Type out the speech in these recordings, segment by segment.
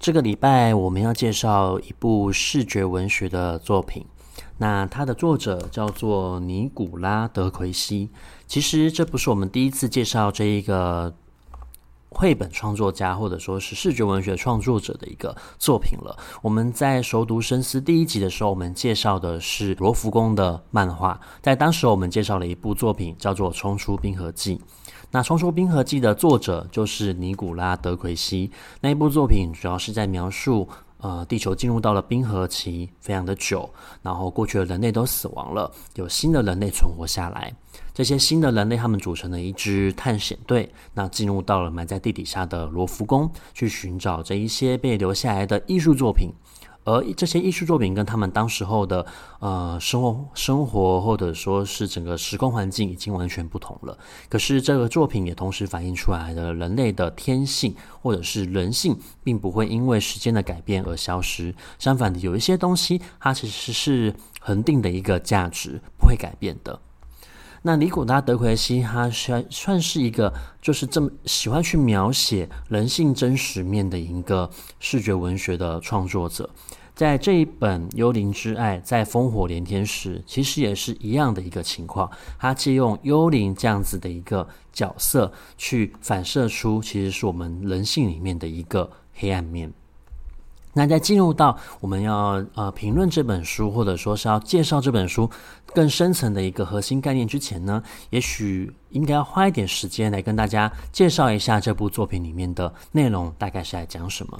這個禮拜我們要介紹一部視覺文學的作品，那它的作者叫做尼古拉·德奎西。其實這不是我們第一次介紹這一個繪本創作家，或者說是視覺文學創作者的一個作品了。我們在熟讀深思第一集的時候，我們介紹的是羅浮宮的漫畫，在當時我們介紹了一部作品叫做《衝出冰河紀》。那《衝出冰河紀》的作者就是尼古拉·德奎西，那一部作品主要是在描述，呃，地球進入到了冰河期，非常的久，然後過去的人類都死亡了，有新的人類存活下來，這些新的人類他們組成了一支探險隊，那進入到了埋在地底下的羅浮宮，去尋找這一些被留下來的藝術作品。而這些藝術作品跟他們當時候的呃生活生活，或者說是整個時空環境已經完全不同了。可是這個作品也同時反映出來的人類的天性，或者是人性，並不會因為時間的改變而消失。相反的，有一些東西它其實是恆定的一個價值，不會改變的。那尼古拉·德奎西，他算算是一個就是這麼喜歡去描寫人性真實面的一個視覺文學的創作者。在這一本《幽靈之愛在烽火連天時》，其實也是一樣的一個情況。他借用幽靈這樣子的一個角色，去反射出其實是我們人性裡面的一個黑暗面。那在進入到我們要呃評論這本書，或者說是要介紹這本書更深層的一個核心概念之前呢，也許應該要花一點時間來跟大家介紹一下這部作品裡面的內容大概是在講什麼。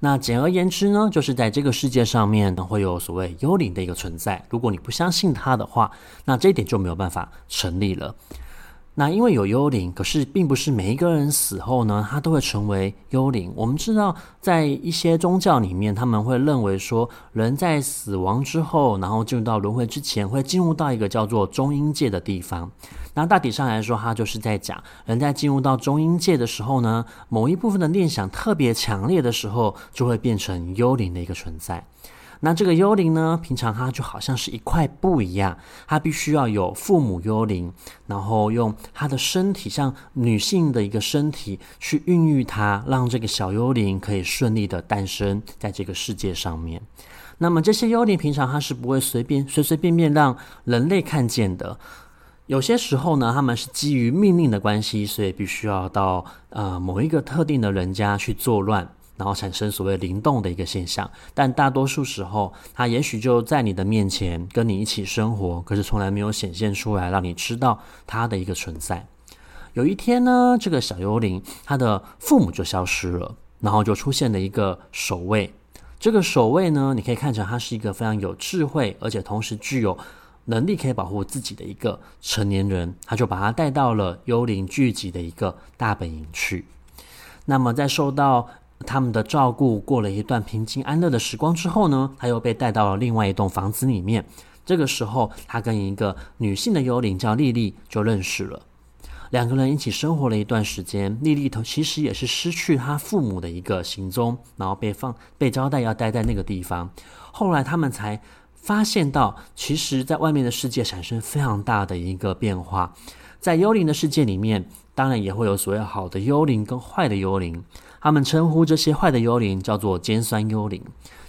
那簡而言之呢，就是在這個世界上面呢，會有所謂幽靈的一個存在。如果你不相信它的話，那這一點就沒有辦法成立了。那因為有幽靈，可是並不是每一個人死後呢，他都會成為幽靈。我們知道，在一些宗教裡面，他們會認為說，人在死亡之後，然後進入到輪回之前，會進入到一個叫做中陰界的地方。那大體上來說，它就是在講，人在進入到中陰界的時候呢，某一部分的念想特別強烈的時候，就會變成幽靈的一個存在。那這個幽靈呢，平常它就好像是一塊布一樣，它必須要有父母幽靈，然後用它的身體，像女性的一個身體去孕育它，讓這個小幽靈可以順利的誕生在這個世界上面。那麼這些幽靈平常它是不會隨便隨隨便便讓人類看見的。有些時候呢，他們是基於命令的關係，所以必須要到呃某一個特定的人家去作亂，然後產生所謂靈動的一個現象。但大多數時候，他也許就在你的面前跟你一起生活，可是從來沒有顯現出來，讓你知道他的一個存在。有一天呢，這個小幽靈，他的父母就消失了，然後就出現了一個守衛。這個守衛呢，你可以看成他是一個非常有智慧，而且同時具有。能力可以保護自己的一個成年人，他就把他帶到了幽靈聚集的一個大本營去。那麼，在受到他們的照顧，過了一段平靜安樂的時光之後呢，他又被帶到了另外一棟房子裡面。這個時候，他跟一個女性的幽靈叫麗麗就認識了。兩個人一起生活了一段時間。麗麗頭其實也是失去她父母的一個行蹤，然後被放被交代要待在那個地方。後來他們才。發現到，其實，在外面的世界產生非常大的一個變化。在幽靈的世界裡面，當然也會有所謂好的幽靈跟壞的幽靈。他們稱呼這些壞的幽靈叫做尖酸幽靈。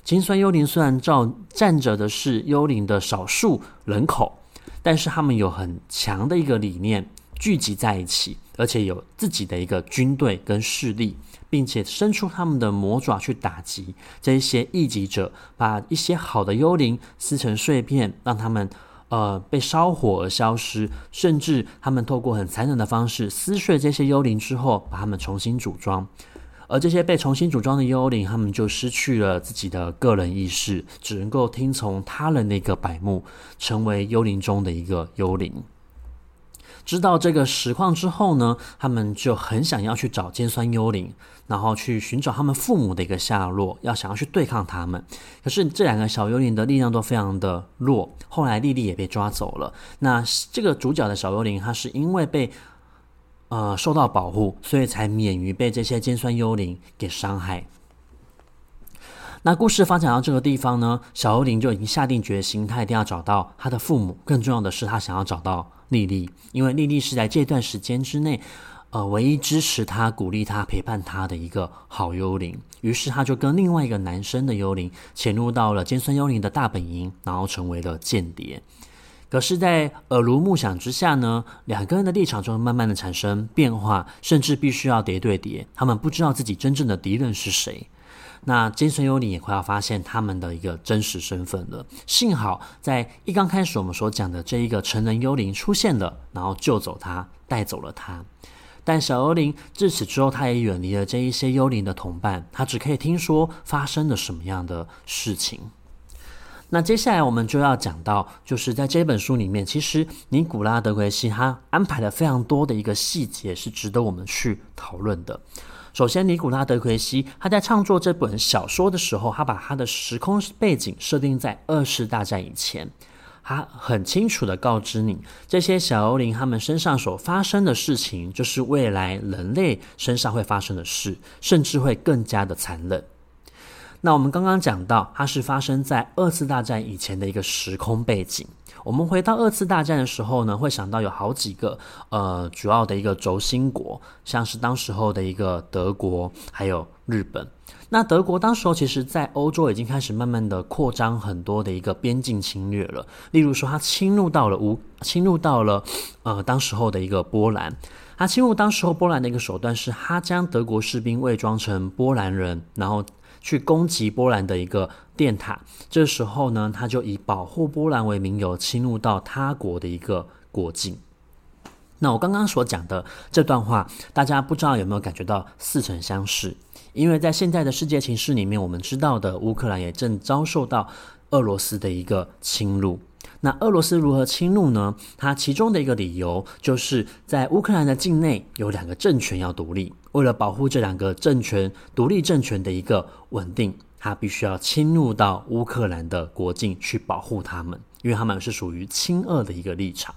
尖酸幽靈雖然照占着的是幽靈的少數人口，但是他們有很強的一個理念，聚集在一起，而且有自己的一個軍隊跟勢力，並且伸出他們的魔爪去打擊這些異己者，把一些好的幽靈撕成碎片，讓他們呃被燒火而消失，甚至他們透過很殘忍的方式撕碎這些幽靈之後，把他們重新組裝，而這些被重新組裝的幽靈，他們就失去了自己的個人意識，只能夠聽從他人的一個擺佈，成為幽靈中的一個幽靈。知道這個實況之後呢，他們就很想要去找尖酸幽靈，然後去尋找他們父母的一個下落，要想要去對抗他們。可是這兩個小幽靈的力量都非常的弱，後來莉莉也被抓走了。那這個主角的小幽靈，他是因為被呃受到保護，所以才免於被這些尖酸幽靈給傷害。那故事發展到這個地方呢，小幽靈就已經下定決心，他一定要找到他的父母，更重要的是，他想要找到。莉莉，因為莉莉是在這段時間之內，呃，唯一支持她、鼓勵她、陪伴她的一個好幽靈，於是他就跟另外一個男生的幽靈潛入到了尖酸幽靈的大本營，然後成為了間諜。可是在，在耳濡目染之下呢，兩個人的立場就會慢慢的產生變化，甚至必須要諜對諜，他們不知道自己真正的敵人是誰。那精神幽靈也快要發現他們的一個真實身份了。幸好，在一剛開始我們所講的這一個成人幽靈出現了，然後救走他，帶走了他。但小幽靈自此之後，他也遠離了這一些幽靈的同伴，他只可以聽說發生了什麼樣的事情。那接下來我們就要講到，就是在這一本書裡面，其實尼古拉德奎西他安排了非常多的一個細節是值得我們去討論的。首先，尼古拉·德奎西他在創作這本小說的時候，他把他的時空背景設定在二次大戰以前。他很清楚的告知你，這些小幽靈他們身上所發生的事情，就是未來人類身上會發生的事，甚至會更加的殘忍。那我們剛剛講到，它是發生在二次大戰以前的一個時空背景。我們回到二次大戰的時候呢，會想到有好幾個呃主要的一個軸心國，像是當時候的一個德國，還有日本。那德國當時候其實在歐洲已經開始慢慢的擴張很多的一個邊境侵略了，例如說他侵入到了烏，侵入到了呃當時候的一個波蘭。他侵入當時候波蘭的一個手段是，他將德國士兵僞裝成波蘭人，然後去攻擊波蘭的一個。電塔，這時候呢，他就以保護波蘭為名有侵入到他國的一個國境。那我剛剛所講的這段話，大家不知道有沒有感覺到似曾相識？因為在現在的世界情勢裡面，我們知道的烏克蘭也正遭受到俄羅斯的一個侵入。那俄羅斯如何侵入呢？它其中的一個理由就是在烏克蘭的境內有兩個政權要獨立，為了保護這兩個政權，獨立政權的一個穩定。他必須要侵入到烏克蘭的國境去保護他們，因為他們是屬於親俄的一個立場。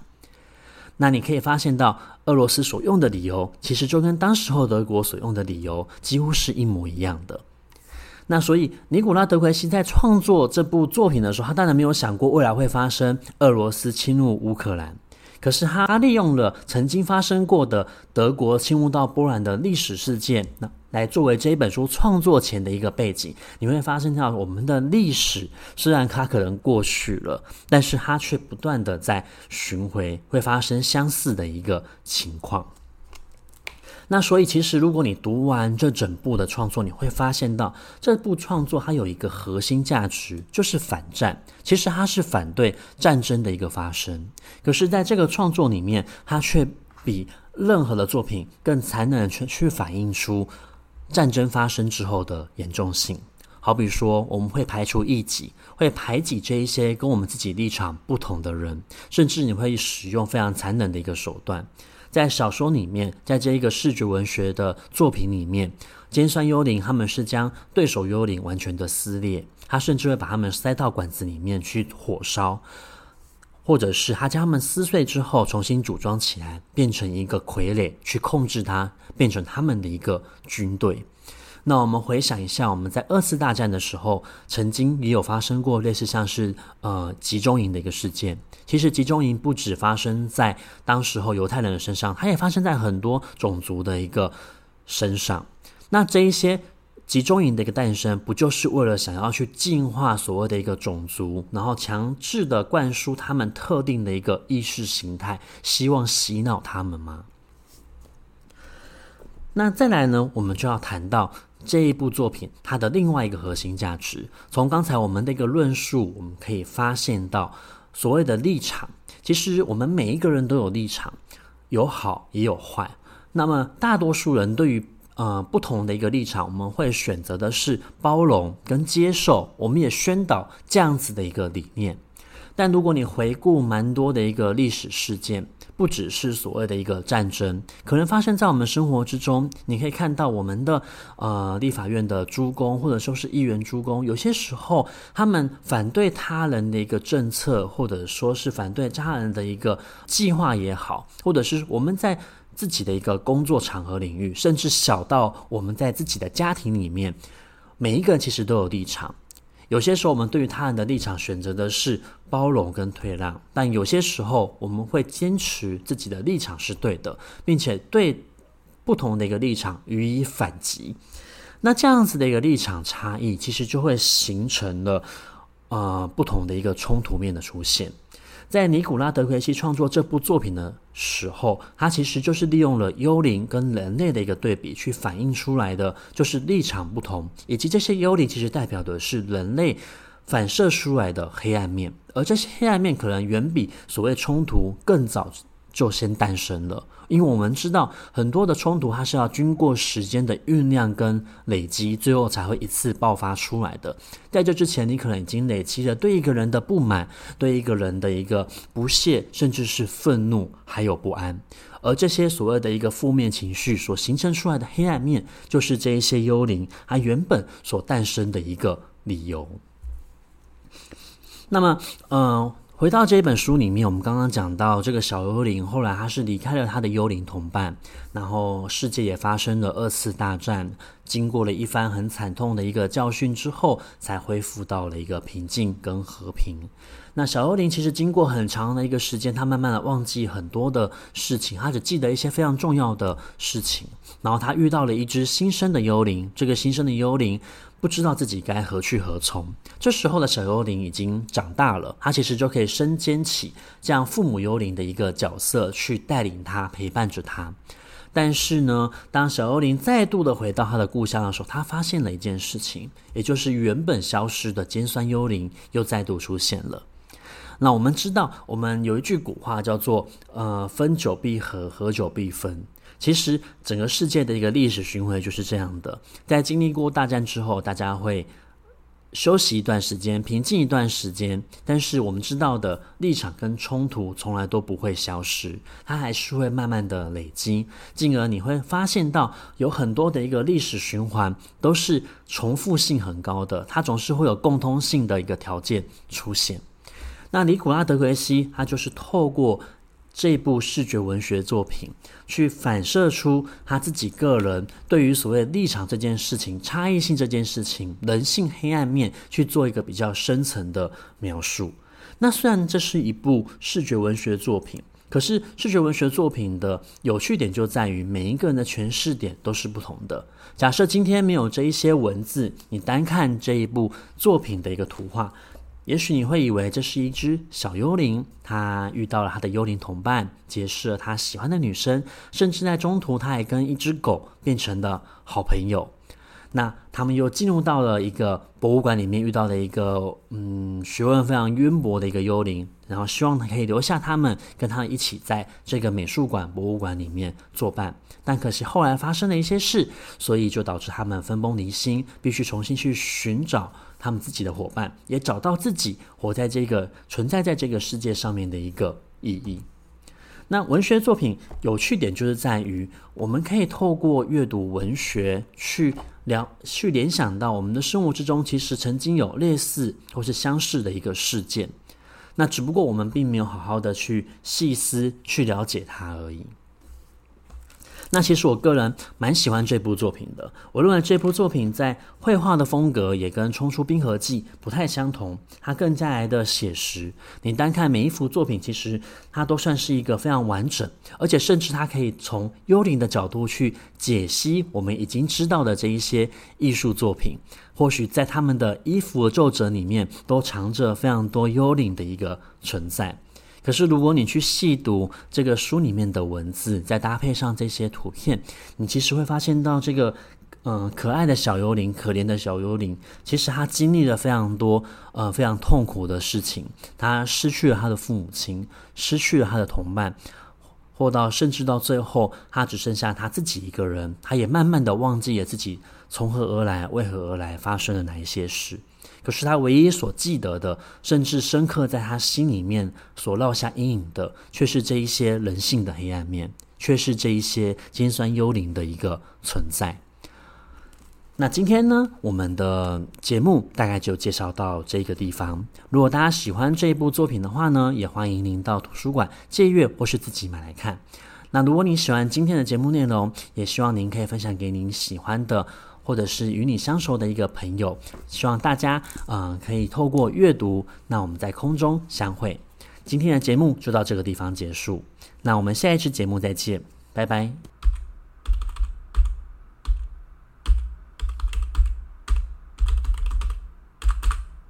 那你可以發現到，俄羅斯所用的理由，其實就跟當時候德國所用的理由幾乎是一模一樣的。那所以，尼古拉·德奎西在創作這部作品的時候，他當然沒有想過未來會發生俄羅斯侵入烏克蘭。可是他利用了曾經發生過的德國侵入到波蘭的歷史事件，那來作為這一本書創作前的一個背景。你會發現到我們的歷史，雖然它可能過去了，但是它卻不斷的在巡回，會發生相似的一個情況。那所以，其實如果你讀完這整部的創作，你會發現到這部創作它有一個核心價值，就是反戰。其實它是反對戰爭的一個發生。可是，在這個創作裡面，它卻比任何的作品更殘忍地去去反映出戰爭發生之後的嚴重性。好比說，我們會排除異己，會排擠這一些跟我們自己立場不同的人，甚至你會使用非常殘忍的一個手段。在小說裡面，在這一個視覺文學的作品裡面，尖山幽靈他們是將對手幽靈完全的撕裂，他甚至會把他們塞到管子裡面去火燒，或者是他將他們撕碎之後重新組裝起來，變成一個傀儡去控制他，變成他們的一個軍隊。那我們回想一下，我們在二次大戰的時候，曾經也有發生過類似像是呃集中營的一個事件。其實集中營不只發生在當時候猶太人的身上，它也發生在很多種族的一個身上。那這一些集中營的一個誕生，不就是為了想要去淨化所謂的一個種族，然後強制的灌輸他們特定的一個意識形態，希望洗腦他們嗎？那再來呢，我們就要談到。這一部作品，它的另外一個核心價值，從剛才我們的一個論述，我們可以發現到，所謂的立場，其實我們每一個人都有立場，有好也有壞。那麼大多數人對於呃不同的一個立場，我們會選擇的是包容跟接受，我們也宣導這樣子的一個理念。但如果你回顧蠻多的一個歷史事件，不只是所謂的一個戰爭，可能發生在我們生活之中。你可以看到我們的呃，立法院的諸公，或者說是議員諸公，有些時候他們反對他人的一個政策，或者說是反對他人的一個計劃也好，或者是我們在自己的一個工作場合領域，甚至小到我們在自己的家庭裡面，每一個其實都有立場。有些時候，我們對於他人的立場選擇的是包容跟退讓，但有些時候，我們會堅持自己的立場是對的，並且對不同的一個立場予以反擊。那這樣子的一個立場差異，其實就會形成了，呃，不同的一個衝突面的出現。在尼古拉德奎西創作這部作品的時候，他其實就是利用了幽靈跟人類的一個對比，去反映出來的就是立場不同，以及這些幽靈其實代表的是人類反射出來的黑暗面，而這些黑暗面可能遠比所謂衝突更早。就先誕生了，因為我們知道很多的衝突，它是要經過時間的醞釀跟累積，最後才會一次爆發出來的。在這之前，你可能已經累積了對一個人的不滿，對一個人的一個不屑，甚至是憤怒，還有不安。而這些所謂的一個負面情緒所形成出來的黑暗面，就是這一些幽靈它原本所誕生的一個理由。那麼，嗯、呃。回到這本書裡面，我們剛剛講到這個小幽靈，後來他是離開了他的幽靈同伴，然後世界也發生了二次大戰，經過了一番很慘痛的一個教訓之後，才恢復到了一個平靜跟和平。那小幽靈其實經過很長的一個時間，他慢慢的忘記很多的事情，他只記得一些非常重要的事情。然後他遇到了一隻新生的幽靈，這個新生的幽靈。不知道自己該何去何從。這時候的小幽靈已經長大了，他其實就可以身兼起這樣父母幽靈的一個角色，去帶領他、陪伴着他。但是呢，當小幽靈再度的回到他的故鄉的時候，他發現了一件事情，也就是原本消失的尖酸幽靈又再度出現了。那我們知道，我們有一句古話叫做“呃，分久必合，合久必分”。其實，整個世界的一個歷史循環就是這樣的：在經歷過大戰之後，大家會休息一段時間，平靜一段時間。但是，我們知道的立場跟衝突從來都不會消失，它還是會慢慢的累積，進而你會發現到有很多的一個歷史循環都是重複性很高的，它總是會有共通性的一個條件出現。那尼古拉·德奎西，他就是透過這部視覺文學作品，去反射出他自己個人對於所謂立場這件事情、差異性這件事情、人性黑暗面去做一個比較深層的描述。那雖然這是一部視覺文學作品，可是視覺文學作品的有趣點就在於每一個人的詮釋點都是不同的。假設今天沒有這一些文字，你單看這一部作品的一個圖畫。也許你會以為這是一隻小幽靈，他遇到了他的幽靈同伴，結識了他喜歡的女生，甚至在中途他還跟一隻狗變成了好朋友。那他們又進入到了一個博物館裡面，遇到了一個嗯學問非常淵博的一個幽靈，然後希望他可以留下他們，跟他們一起在這個美術館、博物館裡面作伴。但可惜後來發生了一些事，所以就導致他們分崩離析，必須重新去尋找。他們自己的夥伴，也找到自己活在這個存在在這個世界上面的一個意義。那文學作品有趣點就是在於，我們可以透過閱讀文學去了去聯想到我們的生活之中，其實曾經有類似或是相似的一個事件，那只不過我們並沒有好好的去細思去了解它而已。那其實我個人蠻喜歡這部作品的。我認為這部作品在繪畫的風格也跟《衝出冰河紀》不太相同，它更加來的寫實。你單看每一幅作品，其實它都算是一個非常完整，而且甚至它可以從幽靈的角度去解析我們已經知道的這一些藝術作品。或許在他們的衣服的皺褶裡面，都藏着非常多幽靈的一個存在。可是，如果你去細讀這個書裡面的文字，再搭配上這些圖片，你其實會發現到這個，嗯、呃，可愛的小幽靈，可憐的小幽靈，其實他經歷了非常多，呃，非常痛苦的事情。他失去了他的父母親，失去了他的同伴，或到甚至到最後，他只剩下他自己一個人。他也慢慢的忘記了自己從何而來，為何而來，發生了哪一些事。可是他唯一所記得的，甚至深刻在他心裡面所烙下陰影的，卻是這一些人性的黑暗面，卻是這一些尖酸幽靈的一個存在。那今天呢，我們的節目大概就介紹到這個地方。如果大家喜歡這一部作品的話呢，也歡迎您到圖書館借閱或是自己買來看。那如果你喜歡今天的節目內容，也希望您可以分享給您喜歡的。或者是與你相熟的一個朋友，希望大家嗯、呃、可以透過閱讀，那我們在空中相會。今天的節目就到這個地方結束，那我們下一期節目再見，拜拜。